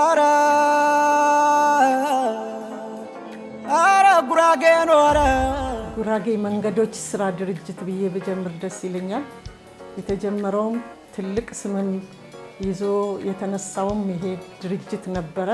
ኧረ ጉራጌ ኖረ ጉራጌ መንገዶች ስራ ድርጅት ብዬ ብጀምር ደስ ይለኛል። የተጀመረውም ትልቅ ስምም ይዞ የተነሳውም ይሄ ድርጅት ነበረ።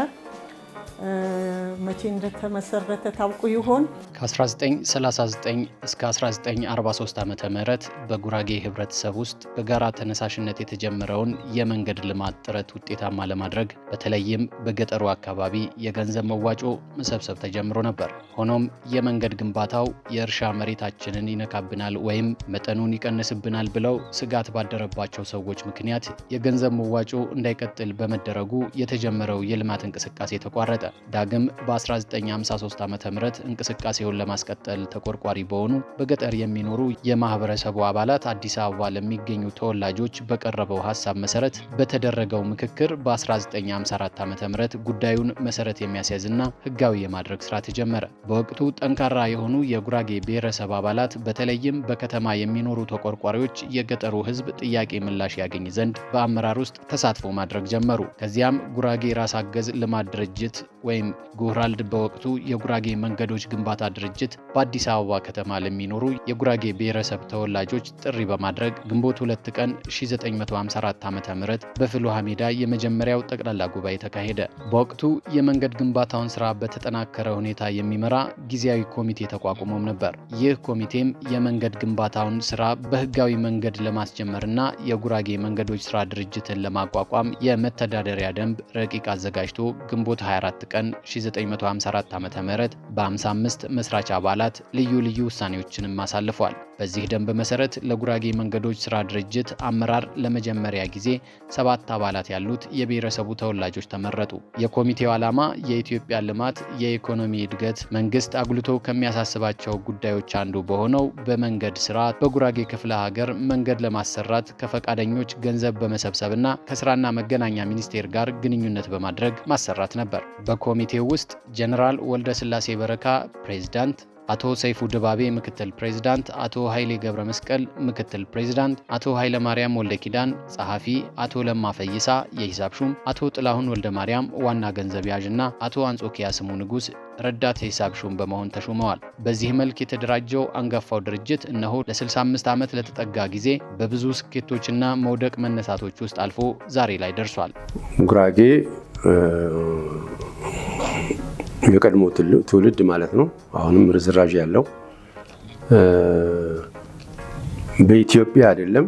መቼ እንደተመሰረተ ታውቁ ይሆን? ከ1939 እስከ 1943 ዓ ም በጉራጌ ህብረተሰብ ውስጥ በጋራ ተነሳሽነት የተጀመረውን የመንገድ ልማት ጥረት ውጤታማ ለማድረግ በተለይም በገጠሩ አካባቢ የገንዘብ መዋጮ መሰብሰብ ተጀምሮ ነበር። ሆኖም የመንገድ ግንባታው የእርሻ መሬታችንን ይነካብናል ወይም መጠኑን ይቀንስብናል ብለው ስጋት ባደረባቸው ሰዎች ምክንያት የገንዘብ መዋጮ እንዳይቀጥል በመደረጉ የተጀመረው የልማት እንቅስቃሴ ተቋረጠ። ነበር። ዳግም በ1953 ዓ ም እንቅስቃሴውን ለማስቀጠል ተቆርቋሪ በሆኑ በገጠር የሚኖሩ የማህበረሰቡ አባላት አዲስ አበባ ለሚገኙ ተወላጆች በቀረበው ሀሳብ መሰረት በተደረገው ምክክር በ1954 ዓ ም ጉዳዩን መሰረት የሚያስያዝና ህጋዊ የማድረግ ስራ ተጀመረ። በወቅቱ ጠንካራ የሆኑ የጉራጌ ብሔረሰብ አባላት በተለይም በከተማ የሚኖሩ ተቆርቋሪዎች የገጠሩ ህዝብ ጥያቄ ምላሽ ያገኝ ዘንድ በአመራር ውስጥ ተሳትፎ ማድረግ ጀመሩ። ከዚያም ጉራጌ ራስ አገዝ ልማት ድርጅት ወይም ጎራልድ በወቅቱ የጉራጌ መንገዶች ግንባታ ድርጅት በአዲስ አበባ ከተማ ለሚኖሩ የጉራጌ ብሔረሰብ ተወላጆች ጥሪ በማድረግ ግንቦት ሁለት ቀን 1954 ዓ.ም በፍልውሃ ሜዳ የመጀመሪያው ጠቅላላ ጉባኤ ተካሄደ። በወቅቱ የመንገድ ግንባታውን ስራ በተጠናከረ ሁኔታ የሚመራ ጊዜያዊ ኮሚቴ ተቋቁሞም ነበር። ይህ ኮሚቴም የመንገድ ግንባታውን ስራ በህጋዊ መንገድ ለማስጀመርና የጉራጌ መንገዶች ስራ ድርጅትን ለማቋቋም የመተዳደሪያ ደንብ ረቂቅ አዘጋጅቶ ግንቦት 24 ቀን 1954 ዓ.ም በ55 መስራች አባላት ልዩ ልዩ ውሳኔዎችንም አሳልፏል። በዚህ ደንብ መሰረት ለጉራጌ መንገዶች ስራ ድርጅት አመራር ለመጀመሪያ ጊዜ ሰባት አባላት ያሉት የብሔረሰቡ ተወላጆች ተመረጡ። የኮሚቴው ዓላማ የኢትዮጵያ ልማት፣ የኢኮኖሚ እድገት መንግስት አጉልቶ ከሚያሳስባቸው ጉዳዮች አንዱ በሆነው በመንገድ ስራ በጉራጌ ክፍለ ሀገር መንገድ ለማሰራት ከፈቃደኞች ገንዘብ በመሰብሰብና ከስራና መገናኛ ሚኒስቴር ጋር ግንኙነት በማድረግ ማሰራት ነበር። ኮሚቴ ውስጥ ጀነራል ወልደ ስላሴ በረካ ፕሬዝዳንት፣ አቶ ሰይፉ ድባቤ ምክትል ፕሬዝዳንት፣ አቶ ኃይሌ ገብረ መስቀል ምክትል ፕሬዝዳንት፣ አቶ ኃይለ ማርያም ወልደ ኪዳን ጸሐፊ፣ አቶ ለማ ፈይሳ የሂሳብ ሹም፣ አቶ ጥላሁን ወልደ ማርያም ዋና ገንዘብ ያዥና አቶ አንጾኪያ ስሙ ንጉስ ረዳት ሂሳብ ሹም በመሆን ተሹመዋል። በዚህ መልክ የተደራጀው አንጋፋው ድርጅት እነሆ ለ65 ዓመት ለተጠጋ ጊዜ በብዙ ስኬቶችና መውደቅ መነሳቶች ውስጥ አልፎ ዛሬ ላይ ደርሷል። ጉራጌ የቀድሞ ትውልድ ማለት ነው። አሁንም ርዝራዥ ያለው በኢትዮጵያ አይደለም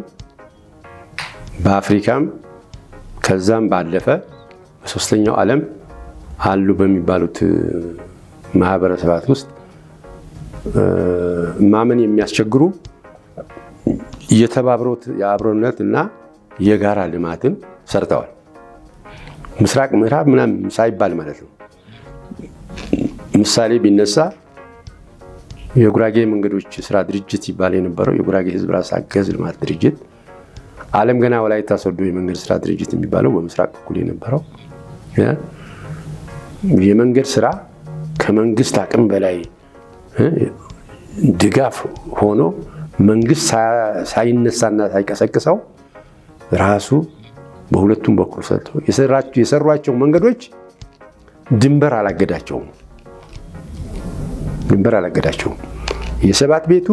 በአፍሪካም ከዛም ባለፈ በሶስተኛው ዓለም አሉ በሚባሉት ማህበረሰባት ውስጥ ማመን የሚያስቸግሩ የተባብሮት የአብሮነት እና የጋራ ልማትን ሰርተዋል። ምስራቅ ምዕራብ ምናምን ሳይባል ማለት ነው። ምሳሌ ቢነሳ የጉራጌ መንገዶች ስራ ድርጅት ይባል የነበረው የጉራጌ ህዝብ ራስ አገዝ ልማት ድርጅት አለም ገና ወላይታ ሶዶ የመንገድ ስራ ድርጅት የሚባለው በምስራቅ በኩል የነበረው የመንገድ ስራ ከመንግስት አቅም በላይ ድጋፍ ሆኖ መንግስት ሳይነሳና ሳይቀሰቅሰው ራሱ በሁለቱም በኩል ሰጥቶ የሰሯቸው መንገዶች ድንበር አላገዳቸውም። ድንበር አላገዳቸውም። የሰባት ቤቱ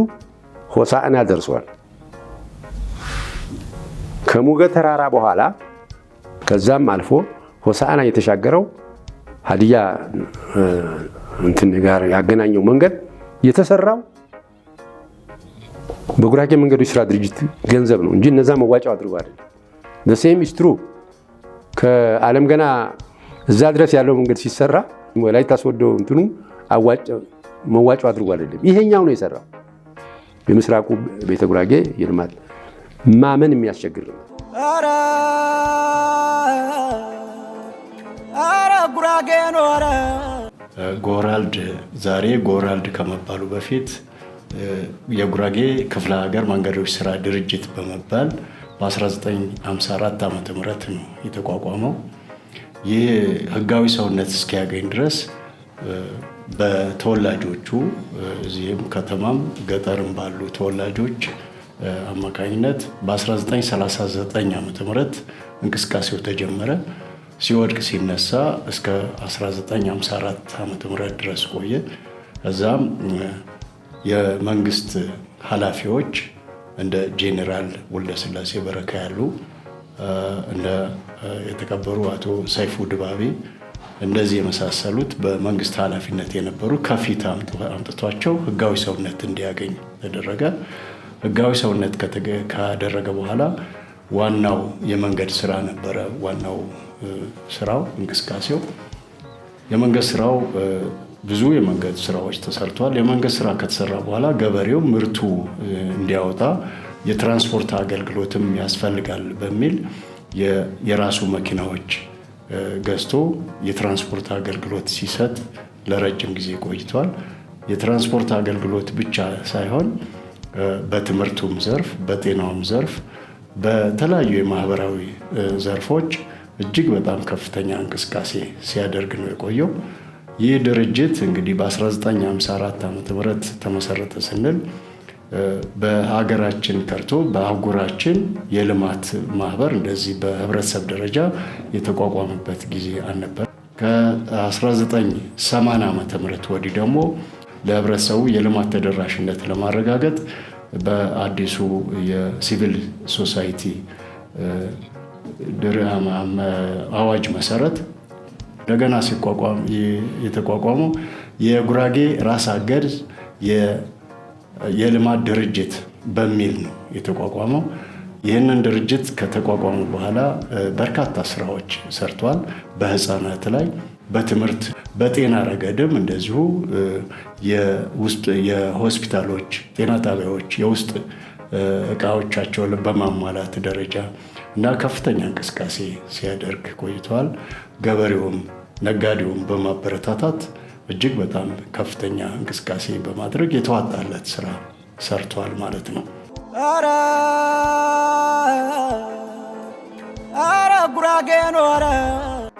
ሆሳዕና ደርሷል። ከሙገ ተራራ በኋላ ከዛም አልፎ ሆሳዕና የተሻገረው ሀዲያ እንትን ጋር ያገናኘው መንገድ የተሰራው በጉራጌ መንገዶች ስራ ድርጅት ገንዘብ ነው እንጂ እነዛ መዋጫው አድርጎ አይደለም። ዘሴም ኢስትሩ ከዓለም ገና እዛ ድረስ ያለው መንገድ ሲሰራ ወላይታ ታስወደው እንትኑ አዋጭ መዋጮ አድርጎ አይደለም፣ ይሄኛው ነው የሰራው። የምስራቁ ቤተ ጉራጌ የልማት ማመን የሚያስቸግር ነው። ጉራጌ ኖረ ጎራልድ ዛሬ ጎራልድ ከመባሉ በፊት የጉራጌ ክፍለ ሀገር መንገዶች ስራ ድርጅት በመባል በ1954 ዓ ም ነው የተቋቋመው። ይህ ህጋዊ ሰውነት እስኪያገኝ ድረስ በተወላጆቹ እዚህም ከተማም ገጠርም ባሉ ተወላጆች አማካኝነት በ1939 ም እንቅስቃሴው ተጀመረ። ሲወድቅ ሲነሳ እስከ 1954 ዓ.ም ድረስ ቆየ። እዛም የመንግስት ኃላፊዎች እንደ ጄኔራል ወልደስላሴ በረካ ያሉ እንደ የተከበሩ አቶ ሰይፉ ድባቤ እንደዚህ የመሳሰሉት በመንግስት ኃላፊነት የነበሩ ከፊት አምጥቷቸው ህጋዊ ሰውነት እንዲያገኝ ተደረገ። ህጋዊ ሰውነት ካደረገ በኋላ ዋናው የመንገድ ስራ ነበረ። ዋናው ስራው እንቅስቃሴው የመንገድ ስራው ብዙ የመንገድ ስራዎች ተሰርቷል። የመንገድ ስራ ከተሰራ በኋላ ገበሬው ምርቱ እንዲያወጣ የትራንስፖርት አገልግሎትም ያስፈልጋል በሚል የራሱ መኪናዎች ገዝቶ የትራንስፖርት አገልግሎት ሲሰጥ ለረጅም ጊዜ ቆይቷል። የትራንስፖርት አገልግሎት ብቻ ሳይሆን በትምህርቱም ዘርፍ፣ በጤናውም ዘርፍ፣ በተለያዩ የማህበራዊ ዘርፎች እጅግ በጣም ከፍተኛ እንቅስቃሴ ሲያደርግ ነው የቆየው። ይህ ድርጅት እንግዲህ በ1954 ዓ ም ተመሰረተ ስንል በሀገራችን ቀርቶ በአህጉራችን የልማት ማህበር እንደዚህ በህብረተሰብ ደረጃ የተቋቋመበት ጊዜ አልነበር። ከ1980 ዓ ም ወዲህ ደግሞ ለህብረተሰቡ የልማት ተደራሽነት ለማረጋገጥ በአዲሱ የሲቪል ሶሳይቲ አዋጅ መሰረት እንደገና ሲቋቋም የተቋቋመው የጉራጌ ራስ አገድ የልማት ድርጅት በሚል ነው የተቋቋመው። ይህንን ድርጅት ከተቋቋሙ በኋላ በርካታ ስራዎች ሰርቷል። በህፃናት ላይ፣ በትምህርት በጤና ረገድም እንደዚሁ የሆስፒታሎች ጤና ጣቢያዎች የውስጥ እቃዎቻቸውን በማሟላት ደረጃ እና ከፍተኛ እንቅስቃሴ ሲያደርግ ቆይተዋል። ገበሬውም ነጋዴውም በማበረታታት እጅግ በጣም ከፍተኛ እንቅስቃሴ በማድረግ የተዋጣለት ስራ ሰርቷል ማለት ነው።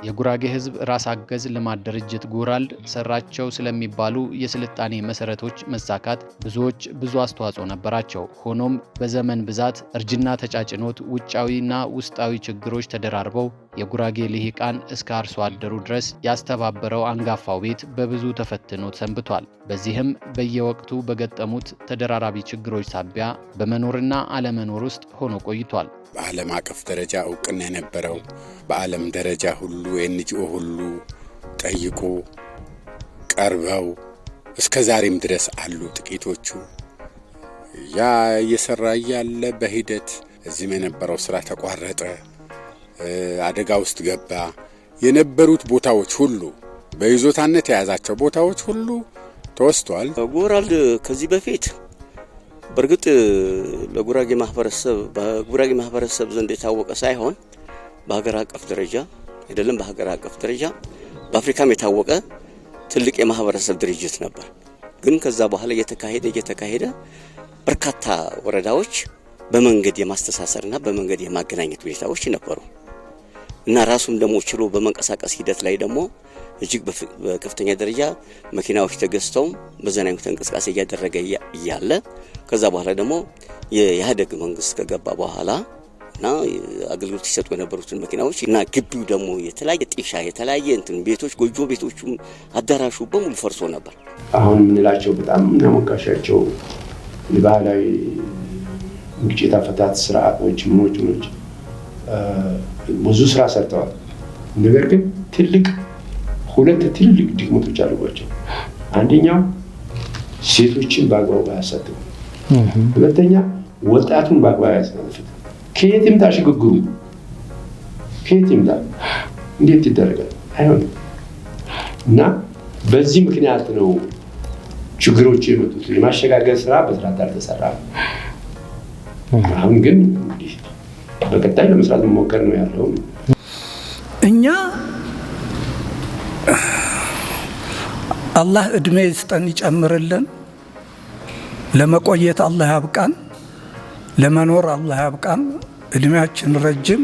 የጉራጌ ህዝብ ራስ አገዝ ልማት ድርጅት ጉራልድ ሰራቸው ስለሚባሉ የስልጣኔ መሰረቶች መሳካት ብዙዎች ብዙ አስተዋጽኦ ነበራቸው። ሆኖም በዘመን ብዛት እርጅና ተጫጭኖት ውጫዊና ውስጣዊ ችግሮች ተደራርበው የጉራጌ ልሂቃን እስከ አርሶ አደሩ ድረስ ያስተባበረው አንጋፋው ቤት በብዙ ተፈትኖ ሰንብቷል። በዚህም በየወቅቱ በገጠሙት ተደራራቢ ችግሮች ሳቢያ በመኖርና አለመኖር ውስጥ ሆኖ ቆይቷል። በዓለም አቀፍ ደረጃ እውቅና የነበረው በዓለም ደረጃ ሁሉ ኤንጂኦ ሁሉ ጠይቆ ቀርበው እስከ ዛሬም ድረስ አሉ ጥቂቶቹ። ያ እየሰራ እያለ በሂደት እዚህም የነበረው ስራ ተቋረጠ። አደጋ ውስጥ ገባ። የነበሩት ቦታዎች ሁሉ በይዞታነት የያዛቸው ቦታዎች ሁሉ ተወስቷል። ጎራልድ ከዚህ በፊት በእርግጥ ለጉራጌ ማህበረሰብ በጉራጌ ማህበረሰብ ዘንድ የታወቀ ሳይሆን በሀገር አቀፍ ደረጃ አይደለም፣ በሀገር አቀፍ ደረጃ በአፍሪካም የታወቀ ትልቅ የማህበረሰብ ድርጅት ነበር። ግን ከዛ በኋላ እየተካሄደ እየተካሄደ በርካታ ወረዳዎች በመንገድ የማስተሳሰርና በመንገድ የማገናኘት ሁኔታዎች ነበሩ። እና ራሱን ደግሞ ችሎ በመንቀሳቀስ ሂደት ላይ ደግሞ እጅግ በከፍተኛ ደረጃ መኪናዎች ተገዝተውም በዘናኙ እንቅስቃሴ እያደረገ እያለ ከዛ በኋላ ደግሞ የኢህአዴግ መንግስት ከገባ በኋላ እና አገልግሎት ሲሰጡ የነበሩትን መኪናዎች እና ግቢው ደግሞ የተለያየ ጤሻ የተለያየ እንትን ቤቶች ጎጆ ቤቶቹም አዳራሹ በሙሉ ፈርሶ ነበር። አሁን የምንላቸው በጣም የምናሞካሻቸው የባህላዊ ግጭት አፈታት ስርዓቶች ምኖች ብዙ ስራ ሰርተዋል። ነገር ግን ትልቅ ሁለት ትልልቅ ድክመቶች አሉባቸው። አንደኛው ሴቶችን በአግባቡ አያሳትፉም። ሁለተኛ ወጣቱን በአግባቡ አያሳትፉም። ከየት ይምጣ ሽግግሩ? ከየት ይምጣ? እንዴት ይደረጋል? አይሆንም። እና በዚህ ምክንያት ነው ችግሮች የመጡት። የማሸጋገር ስራ በስርዓት አልተሰራም። አሁን ግን በቀጣይ ለመስራት መሞከር ነው ያለው። እኛ አላህ እድሜ ይስጠን ይጨምርልን። ለመቆየት አላህ ያብቃን። ለመኖር አላህ ያብቃን። እድሜያችን ረጅም፣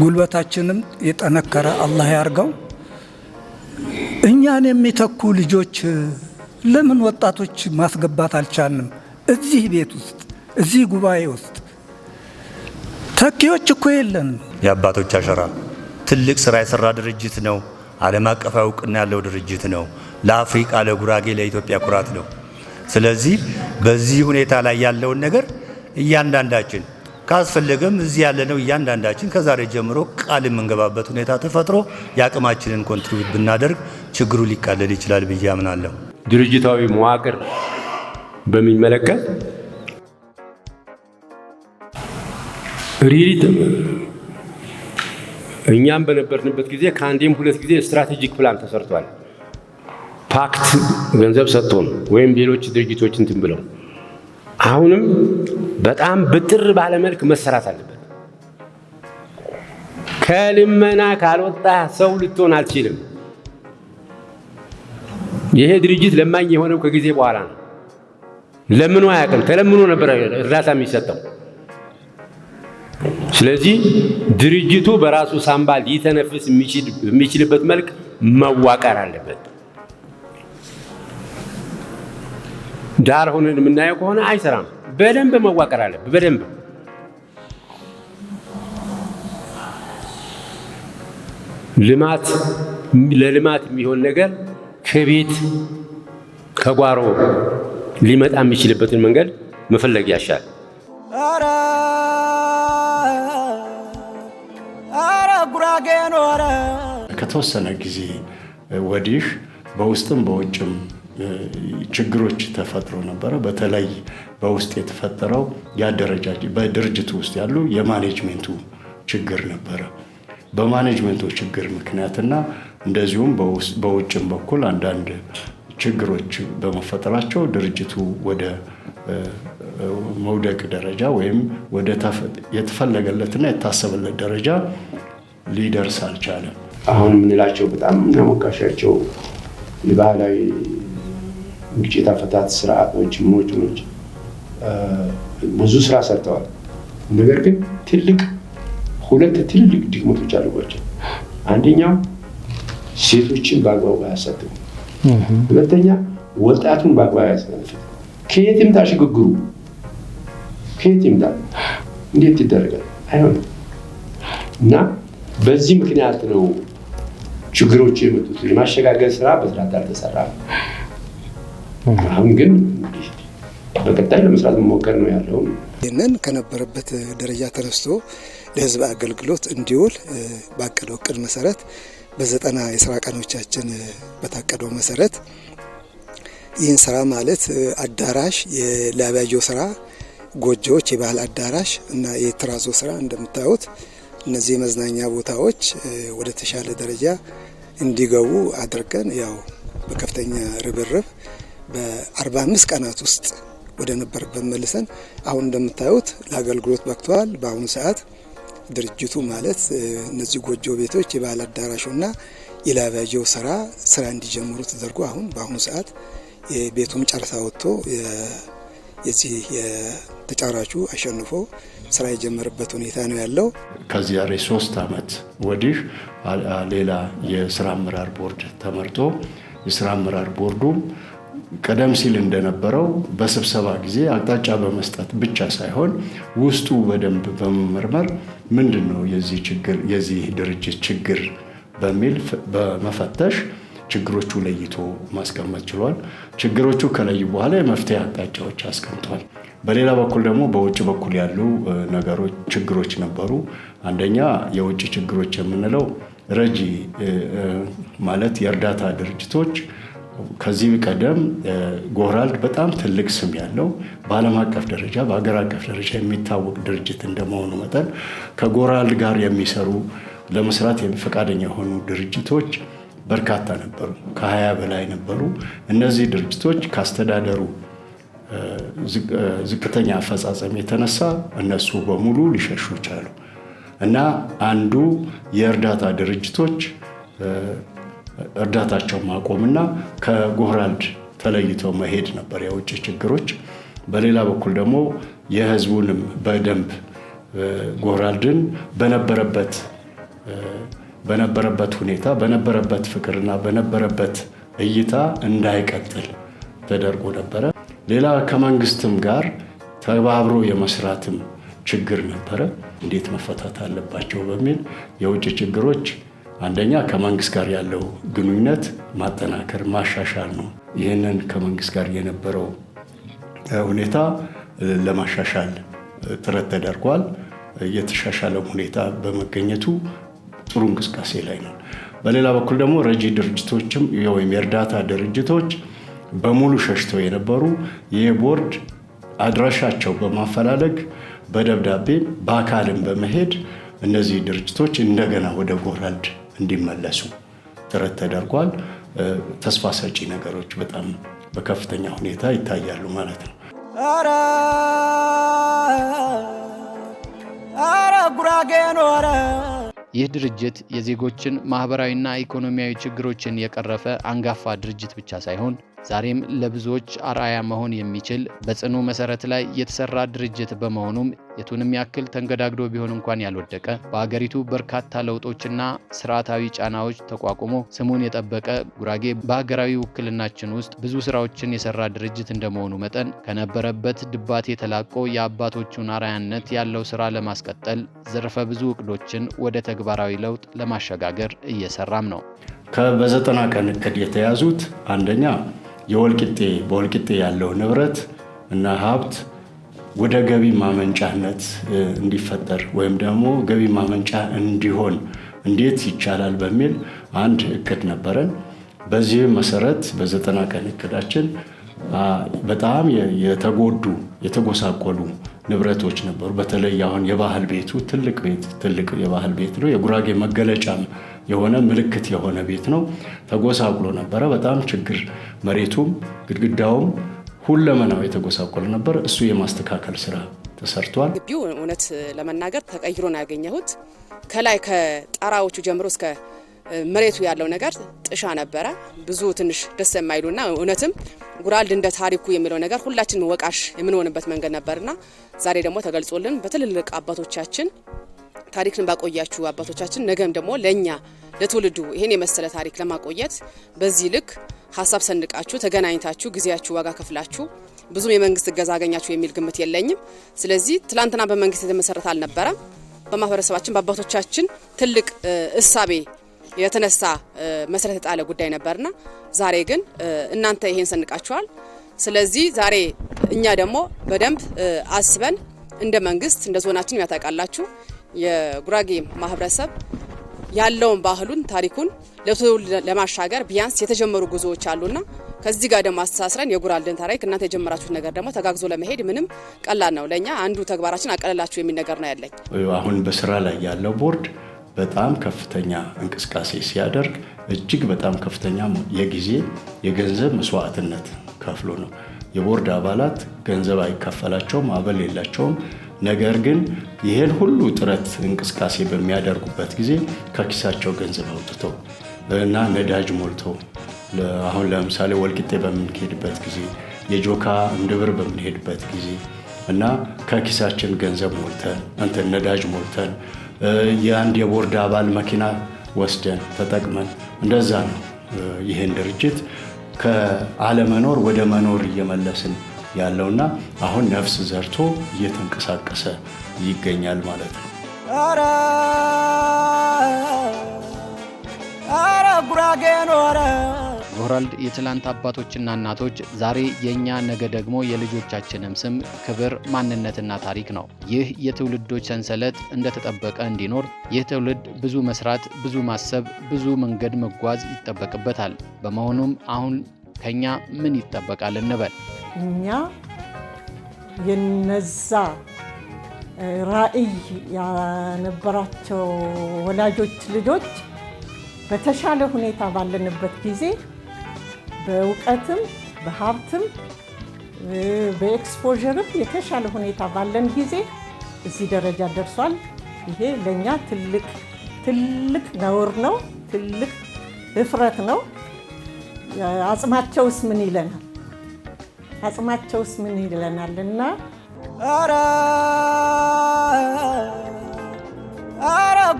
ጉልበታችንም የጠነከረ አላህ ያርገው። እኛን የሚተኩ ልጆች ለምን ወጣቶች ማስገባት አልቻልንም? እዚህ ቤት ውስጥ እዚህ ጉባኤ ውስጥ ተኪዎች እኮ የለን። የአባቶች አሸራ ትልቅ ስራ የሰራ ድርጅት ነው። ዓለም አቀፋዊ እውቅና ያለው ድርጅት ነው። ለአፍሪቃ፣ ለጉራጌ፣ ለኢትዮጵያ ኩራት ነው። ስለዚህ በዚህ ሁኔታ ላይ ያለውን ነገር እያንዳንዳችን ካስፈለገም እዚህ ያለ ነው እያንዳንዳችን ከዛሬ ጀምሮ ቃል የምንገባበት ሁኔታ ተፈጥሮ የአቅማችንን ኮንትሪቢዩት ብናደርግ ችግሩ ሊቃለል ይችላል ብዬ አምናለሁ። ድርጅታዊ መዋቅር በሚመለከት ሪሊት እኛም በነበርንበት ጊዜ ከአንዴም ሁለት ጊዜ ስትራቴጂክ ፕላን ተሰርቷል። ፓክት ገንዘብ ሰጥቶን ወይም ሌሎች ድርጅቶች እንትን ብለው አሁንም በጣም ብጥር ባለመልክ መሰራት አለበት። ከልመና ካልወጣ ሰው ልትሆን አልችልም። ይሄ ድርጅት ለማኝ የሆነው ከጊዜ በኋላ ነው። ለምኖ አያውቅም። ተለምኖ ነበር እርዳታ የሚሰጠው። ስለዚህ ድርጅቱ በራሱ ሳንባ ሊተነፍስ የሚችልበት መልክ መዋቀር አለበት። ዳር ሆነን የምናየው ከሆነ አይሰራም። በደንብ መዋቀር አለበት። በደንብ ልማት ለልማት የሚሆን ነገር ከቤት ከጓሮ ሊመጣ የሚችልበትን መንገድ መፈለግ ያሻል። ኖረ። ከተወሰነ ጊዜ ወዲህ በውስጥም በውጭም ችግሮች ተፈጥሮ ነበረ። በተለይ በውስጥ የተፈጠረው የአደረጃጀት በድርጅቱ ውስጥ ያሉ የማኔጅሜንቱ ችግር ነበረ። በማኔጅመንቱ ችግር ምክንያትና እንደዚሁም በውጭም በኩል አንዳንድ ችግሮች በመፈጠራቸው ድርጅቱ ወደ መውደቅ ደረጃ ወይም ወደ የተፈለገለትና የታሰበለት ደረጃ ሊደርስ አልቻለም። አሁን የምንላቸው በጣም እናሞካሻቸው የባህላዊ ግጭት አፈታት ስርዓቶች ሞችኖች ብዙ ስራ ሰርተዋል። ነገር ግን ትልቅ ሁለት ትልቅ ድክመቶች አሉባቸው። አንደኛው ሴቶችን በአግባቡ አያሳትፉም። ሁለተኛ ወጣቱን በአግባቡ አያሳትፉም። ከየት ይምጣ ሽግግሩ? ከየት ይምጣ? እንዴት ይደረጋል? አይሆንም እና በዚህ ምክንያት ነው ችግሮች የመጡት። የማሸጋገር ስራ በስርዓት አልተሰራም። አሁን ግን በቀጣይ ለመስራት መሞከር ነው ያለው። ይህንን ከነበረበት ደረጃ ተነስቶ ለህዝብ አገልግሎት እንዲውል ባቀደው እቅድ መሰረት በዘጠና የስራ ቀኖቻችን በታቀደው መሰረት ይህን ስራ ማለት አዳራሽ፣ የላቢያጆ ስራ፣ ጎጆዎች፣ የባህል አዳራሽ እና የትራዞ ስራ እንደምታዩት እነዚህ የመዝናኛ ቦታዎች ወደ ተሻለ ደረጃ እንዲገቡ አድርገን ያው በከፍተኛ ርብርብ በ45 ቀናት ውስጥ ወደ ነበርበት መልሰን አሁን እንደምታዩት ለአገልግሎት በቅተዋል። በአሁኑ ሰዓት ድርጅቱ ማለት እነዚህ ጎጆ ቤቶች የባህል አዳራሹና የላቢያጆው ስራ ስራ እንዲጀምሩ ተደርጎ አሁን በአሁኑ ሰዓት ቤቱም ጨርሳ ወጥቶ የዚህ የተጫራቹ አሸንፎ ስራ የጀመረበት ሁኔታ ነው ያለው። ከዚህ ሶስት ዓመት ወዲህ ሌላ የስራ አመራር ቦርድ ተመርጦ የስራ አመራር ቦርዱም ቀደም ሲል እንደነበረው በስብሰባ ጊዜ አቅጣጫ በመስጠት ብቻ ሳይሆን ውስጡ በደንብ በመመርመር ምንድን ነው የዚህ ድርጅት ችግር በሚል በመፈተሽ ችግሮቹ ለይቶ ማስቀመጥ ችሏል። ችግሮቹ ከለዩ በኋላ የመፍትሄ አቅጣጫዎች አስቀምጧል። በሌላ በኩል ደግሞ በውጭ በኩል ያሉ ነገሮች ችግሮች ነበሩ። አንደኛ የውጭ ችግሮች የምንለው ረጂ ማለት የእርዳታ ድርጅቶች ከዚህ ቀደም ጎራልድ በጣም ትልቅ ስም ያለው በዓለም አቀፍ ደረጃ በሀገር አቀፍ ደረጃ የሚታወቅ ድርጅት እንደመሆኑ መጠን ከጎራልድ ጋር የሚሰሩ ለመስራት ፈቃደኛ የሆኑ ድርጅቶች በርካታ ነበሩ፣ ከሀያ በላይ ነበሩ። እነዚህ ድርጅቶች ካስተዳደሩ ዝቅተኛ አፈጻጸም የተነሳ እነሱ በሙሉ ሊሸሹ ቻሉ እና አንዱ የእርዳታ ድርጅቶች እርዳታቸው ማቆምና ከጎራልድ ተለይተው መሄድ ነበር የውጭ ችግሮች። በሌላ በኩል ደግሞ የህዝቡንም በደንብ ጎራልድን በነበረበት በነበረበት ሁኔታ በነበረበት ፍቅርና በነበረበት እይታ እንዳይቀጥል ተደርጎ ነበረ። ሌላ ከመንግስትም ጋር ተባብሮ የመስራትም ችግር ነበረ። እንዴት መፈታት አለባቸው በሚል የውጭ ችግሮች አንደኛ ከመንግስት ጋር ያለው ግንኙነት ማጠናከር ማሻሻል ነው። ይህንን ከመንግስት ጋር የነበረው ሁኔታ ለማሻሻል ጥረት ተደርጓል። የተሻሻለም ሁኔታ በመገኘቱ ጥሩ እንቅስቃሴ ላይ ነው። በሌላ በኩል ደግሞ ረጂ ድርጅቶችም ወይም የእርዳታ ድርጅቶች በሙሉ ሸሽተው የነበሩ የቦርድ አድራሻቸው በማፈላለግ በደብዳቤ በአካልም በመሄድ እነዚህ ድርጅቶች እንደገና ወደ ጎረልድ እንዲመለሱ ጥረት ተደርጓል። ተስፋ ሰጪ ነገሮች በጣም በከፍተኛ ሁኔታ ይታያሉ ማለት ነው። ኧረ ጉራጌ ኖረ ይህ ድርጅት የዜጎችን ማኅበራዊና ኢኮኖሚያዊ ችግሮችን የቀረፈ አንጋፋ ድርጅት ብቻ ሳይሆን ዛሬም ለብዙዎች አርአያ መሆን የሚችል በጽኑ መሰረት ላይ የተሰራ ድርጅት በመሆኑም የቱንም ያክል ተንገዳግዶ ቢሆን እንኳን ያልወደቀ በአገሪቱ በርካታ ለውጦችና ስርዓታዊ ጫናዎች ተቋቁሞ ስሙን የጠበቀ ጉራጌ በሀገራዊ ውክልናችን ውስጥ ብዙ ስራዎችን የሰራ ድርጅት እንደመሆኑ መጠን ከነበረበት ድባቴ ተላቆ የአባቶቹን አርአያነት ያለው ስራ ለማስቀጠል ዘርፈ ብዙ እቅዶችን ወደ ተግባራዊ ለውጥ ለማሸጋገር እየሰራም ነው። በዘጠና ቀን እቅድ የተያዙት አንደኛ የወልቂጤ በወልቂጤ ያለው ንብረት እና ሀብት ወደ ገቢ ማመንጫነት እንዲፈጠር ወይም ደግሞ ገቢ ማመንጫ እንዲሆን እንዴት ይቻላል በሚል አንድ እቅድ ነበረን። በዚህ መሰረት በዘጠና ቀን እቅዳችን በጣም የተጎዱ የተጎሳቆሉ ንብረቶች ነበሩ። በተለይ አሁን የባህል ቤቱ ትልቅ ቤት ትልቅ የባህል ቤት ነው። የጉራጌ መገለጫም የሆነ ምልክት የሆነ ቤት ነው። ተጎሳቁሎ ነበረ። በጣም ችግር መሬቱም ግድግዳውም ሁለመናው የተጎሳቆለ ነበር። እሱ የማስተካከል ስራ ተሰርቷል። ግቢው እውነት ለመናገር ተቀይሮ ነው ያገኘሁት። ከላይ ከጣራዎቹ ጀምሮ እስከ መሬቱ ያለው ነገር ጥሻ ነበረ። ብዙ ትንሽ ደስ የማይሉና እውነትም ጉራልድ እንደ ታሪኩ የሚለው ነገር ሁላችንም ወቃሽ የምንሆንበት መንገድ ነበርና ዛሬ ደግሞ ተገልጾልን በትልልቅ አባቶቻችን ታሪክን ባቆያችሁ አባቶቻችን፣ ነገም ደግሞ ለእኛ ለትውልዱ ይህን የመሰለ ታሪክ ለማቆየት በዚህ ልክ ሀሳብ ሰንቃችሁ ተገናኝታችሁ ጊዜያችሁ ዋጋ ከፍላችሁ ብዙም የመንግስት እገዛ አገኛችሁ የሚል ግምት የለኝም። ስለዚህ ትላንትና በመንግስት የተመሰረተ አልነበረም። በማህበረሰባችን በአባቶቻችን ትልቅ እሳቤ የተነሳ መሰረት የጣለ ጉዳይ ነበርና ዛሬ ግን እናንተ ይሄን ሰንቃችኋል። ስለዚህ ዛሬ እኛ ደግሞ በደንብ አስበን እንደ መንግስት እንደ ዞናችን ያታውቃላችሁ የጉራጌ ማህበረሰብ ያለውን ባህሉን፣ ታሪኩን ለትውልድ ለማሻገር ቢያንስ የተጀመሩ ጉዞዎች አሉና ከዚህ ጋር ደግሞ አስተሳስረን የጉራጌን ታሪክ እናንተ የጀመራችሁት ነገር ደግሞ ተጋግዞ ለመሄድ ምንም ቀላል ነው። ለእኛ አንዱ ተግባራችን አቀለላችሁ የሚል ነገር ነው ያለኝ። አሁን በስራ ላይ ያለው ቦርድ በጣም ከፍተኛ እንቅስቃሴ ሲያደርግ እጅግ በጣም ከፍተኛ የጊዜ የገንዘብ መስዋዕትነት ከፍሎ ነው። የቦርድ አባላት ገንዘብ አይከፈላቸውም፣ አበል የላቸውም። ነገር ግን ይህን ሁሉ ጥረት እንቅስቃሴ በሚያደርጉበት ጊዜ ከኪሳቸው ገንዘብ አውጥተው እና ነዳጅ ሞልተው አሁን ለምሳሌ ወልቂጤ በምንሄድበት ጊዜ የጆካ እምድብር በምንሄድበት ጊዜ እና ከኪሳችን ገንዘብ ሞልተን እንትን ነዳጅ ሞልተን የአንድ የቦርድ አባል መኪና ወስደን ተጠቅመን እንደዛ ነው ይህን ድርጅት ከአለመኖር ወደ መኖር እየመለስን ያለውና አሁን ነፍስ ዘርቶ እየተንቀሳቀሰ ይገኛል ማለት ነው። ሮናልድ የትላንት አባቶችና እናቶች ዛሬ የእኛ ነገ ደግሞ የልጆቻችንም ስም፣ ክብር፣ ማንነትና ታሪክ ነው። ይህ የትውልዶች ሰንሰለት እንደተጠበቀ እንዲኖር ይህ ትውልድ ብዙ መስራት፣ ብዙ ማሰብ፣ ብዙ መንገድ መጓዝ ይጠበቅበታል። በመሆኑም አሁን ከኛ ምን ይጠበቃል እንበል። እኛ የነዛ ራዕይ ያነበራቸው ወላጆች ልጆች በተሻለ ሁኔታ ባለንበት ጊዜ በእውቀትም በሀብትም በኤክስፖዠርም የተሻለ ሁኔታ ባለን ጊዜ እዚህ ደረጃ ደርሷል። ይሄ ለእኛ ትልቅ ትልቅ ነውር ነው፣ ትልቅ እፍረት ነው። አጽማቸውስ ምን ይለናል? አጽማቸውስ ምን ይለናልና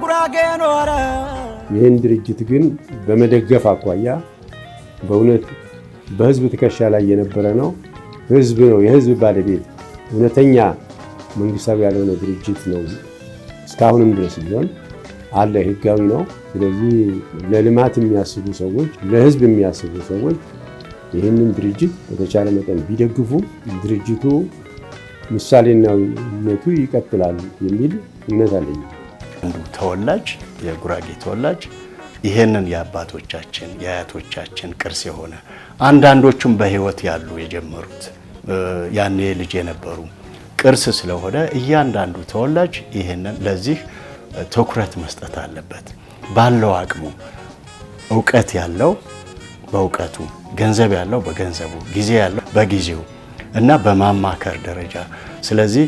ጉራጌ ኖረ። ይህን ድርጅት ግን በመደገፍ አኳያ በእውነት በህዝብ ትከሻ ላይ የነበረ ነው። ህዝብ ነው የህዝብ ባለቤት እውነተኛ መንግስታዊ ያልሆነ ድርጅት ነው። እስካሁንም ድረስ ቢሆን አለ፣ ህጋዊ ነው። ስለዚህ ለልማት የሚያስቡ ሰዎች፣ ለህዝብ የሚያስቡ ሰዎች ይህንን ድርጅት በተቻለ መጠን ቢደግፉ ድርጅቱ ምሳሌናዊነቱ ይቀጥላል የሚል እምነት አለኝ። አንዱ ተወላጅ የጉራጌ ተወላጅ ይህንን የአባቶቻችን የአያቶቻችን ቅርስ የሆነ አንዳንዶቹም በህይወት ያሉ የጀመሩት ያኔ ልጅ የነበሩ ቅርስ ስለሆነ እያንዳንዱ ተወላጅ ይህንን ለዚህ ትኩረት መስጠት አለበት። ባለው አቅሙ እውቀት ያለው በእውቀቱ ገንዘብ ያለው በገንዘቡ ጊዜ ያለው በጊዜው እና በማማከር ደረጃ ስለዚህ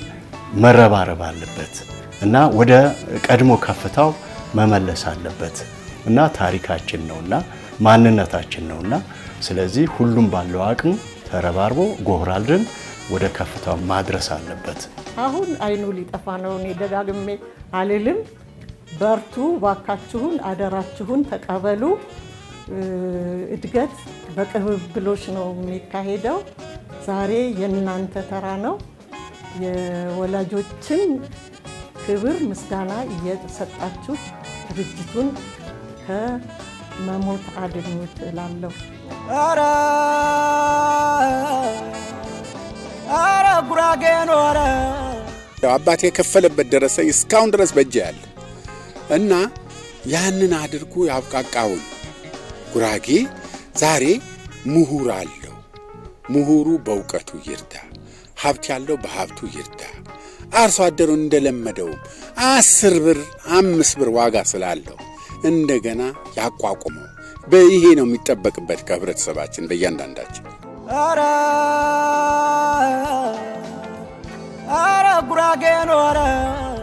መረባረብ አለበት እና ወደ ቀድሞ ከፍታው መመለስ አለበት እና ታሪካችን ነውና ማንነታችን ነውና ስለዚህ ሁሉም ባለው አቅም ተረባርቦ ጎራልድን ወደ ከፍታው ማድረስ አለበት። አሁን አይኑ ሊጠፋ ነው። እኔ ደጋግሜ አልልም። በርቱ፣ ባካችሁን፣ አደራችሁን ተቀበሉ። እድገት በቅብብሎች ነው የሚካሄደው። ዛሬ የእናንተ ተራ ነው። የወላጆችን ክብር ምስጋና እየሰጣችሁ ድርጅቱን ከመሞት አድኑት እላለሁ። ኧረ ጉራጌ ኖረ አባቴ የከፈለበት ደረሰኝ እስካሁን ድረስ በእጄ ያለ እና ያንን አድርጉ ያብቃቃውን ጉራጌ ዛሬ ምሁር አለው። ምሁሩ በእውቀቱ ይርዳ፣ ሀብት ያለው በሀብቱ ይርዳ። አርሶ አደሩን እንደለመደውም አስር ብር አምስት ብር ዋጋ ስላለው እንደገና ያቋቁመው። በይሄ ነው የሚጠበቅበት ከህብረተሰባችን በእያንዳንዳችን። አረ አረ ጉራጌ ኖረ